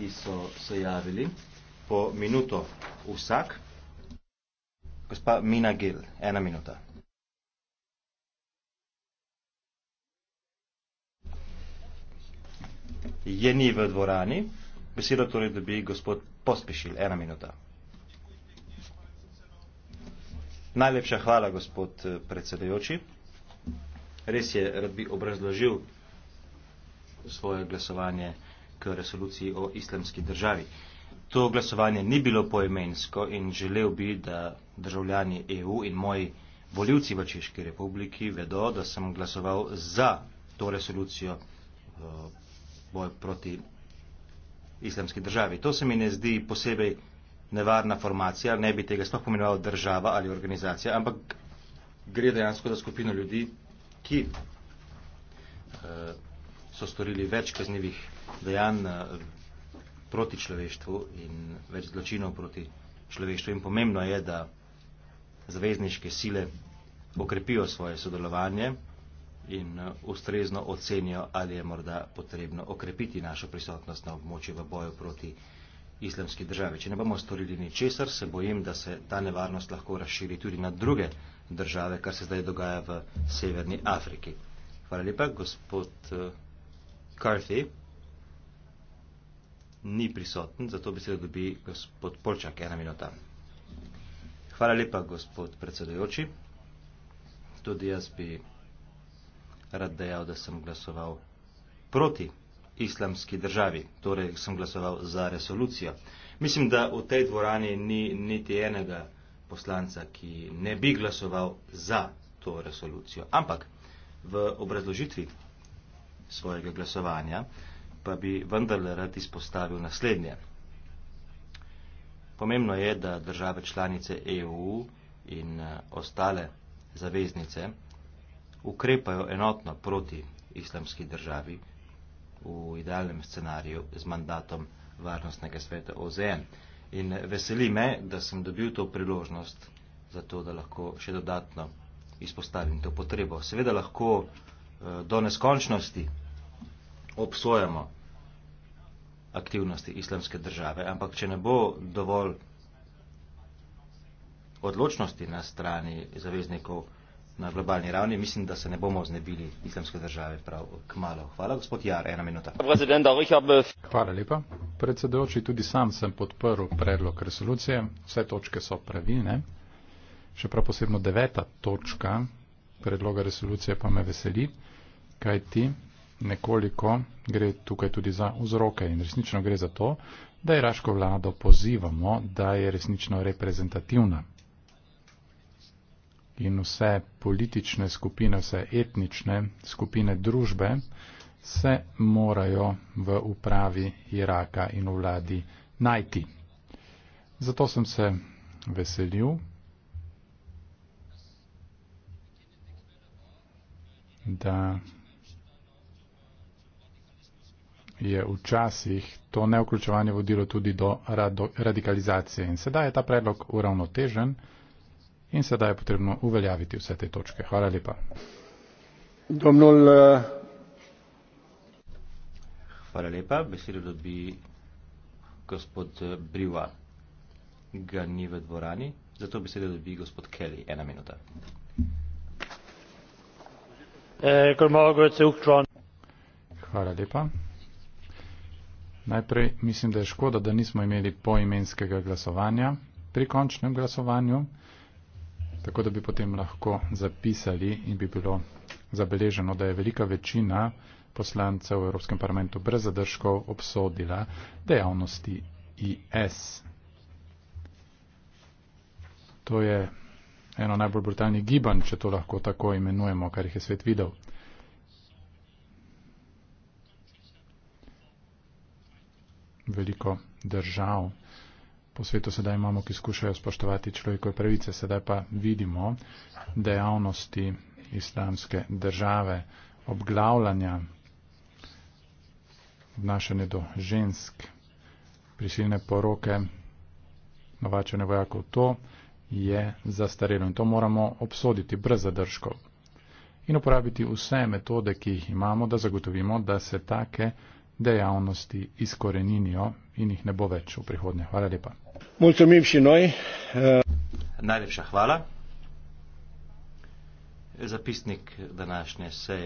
ki so se javili, po minuto vsak. Gospa Mina Gil, ena minuta. Je ni v dvorani, besedo torej dobi gospod Pospešil, ena minuta. Najlepša hvala, gospod eh, predsedajoči. Res je, rad bi obrazložil svoje glasovanje k resoluciji o islamski državi. To glasovanje ni bilo poimensko in želel bi, da državljani EU in moji voljivci v Češki republiki vedo, da sem glasoval za to resolucijo eh, boj proti islamski državi. To se mi ne zdi posebej nevarna formacija, ne bi tega sploh pomenoval država ali organizacija, ampak gre dejansko za skupino ljudi, ki eh, so storili več kaznevih dejanj eh, proti človeštvu in več zločinov proti človeštvu. In pomembno je, da zavezniške sile okrepijo svoje sodelovanje in eh, ustrezno ocenijo, ali je morda potrebno okrepiti našo prisotnost na območju v boju proti islamski državi. Če ne bomo storili ničesar, se bojim, da se ta nevarnost lahko razširi tudi na druge države, kar se zdaj dogaja v Severni Afriki. Hvala lepa, gospod eh, Carthy. Uh, ni prisoten, zato bi se dobi gospod Polčak, ena minuta. Hvala lepa, gospod predsedujoči. Tudi jaz bi rad dejal, da sem glasoval proti islamski državi, torej sem glasoval za resolucijo. Mislim, da v tej dvorani ni niti enega poslanca, ki ne bi glasoval za to resolucijo. Ampak v obrazložitvi svojega glasovanja, pa bi vendarle rad izpostavil naslednje. Pomembno je, da države članice EU in eh, ostale zaveznice ukrepajo enotno proti islamski državi v idealnem scenariju z mandatom Varnostnega sveta OZN. In eh, veseli me, da sem dobil to priložnost, zato da lahko še dodatno izpostavim to potrebo. Seveda lahko eh, do neskončnosti obsojamo aktivnosti islamske države, ampak če ne bo dovolj odločnosti na strani zaveznikov na globalni ravni, mislim, da se ne bomo znebili islamske države prav k malo. Hvala, gospod Jar, ena minuta. Hvala lepa. Predsedoči, tudi sam sem podprl predlog resolucije. Vse točke so pravilne. Še prav posebno deveta točka predloga resolucije pa me veseli, kaj ti nekoliko gre tukaj tudi za vzroke in resnično gre za to, da iraško vlado pozivamo, da je resnično reprezentativna. In vse politične skupine, vse etnične skupine družbe se morajo v upravi Iraka in v vladi najti. Zato sem se veselil, da je včasih to neuključevanje vodilo tudi do radikalizacije. In sedaj je ta predlog uravnotežen in sedaj je potrebno uveljaviti vse te točke. Hvala lepa. Domnul... Eh, Hvala lepa. Besedo dobi gospod eh, Briva. Ga ni v dvorani. Zato besedo dobi gospod Kelly. Ena minuta. Eh, Hvala lepa. Najprej mislim, da je škoda, da nismo imeli poimenskega glasovanja pri končnem glasovanju, tako da bi potem lahko zapisali in bi bilo zabeleženo, da je velika večina poslancev v Evropskem parlamentu brez zadržkov obsodila dejavnosti IS. To je eno najbolj brutalnih gibanj, če to lahko tako imenujemo, kar jih je svet videl. veliko držav po svetu sedaj imamo, ki skušajo spoštovati človekove pravice, sedaj pa vidimo dejavnosti islamske države, obglavljanja, obnašanje do žensk, prisilne poroke, novačene vojakov. To je zastarelo in to moramo obsoditi brez zadržkov in uporabiti vse metode, ki jih imamo, da zagotovimo, da se take dejavnosti izkoreninijo in jih ne bo več v prihodnje. Hvala lepa. Najlepša hvala. Zapisnik današnje seje.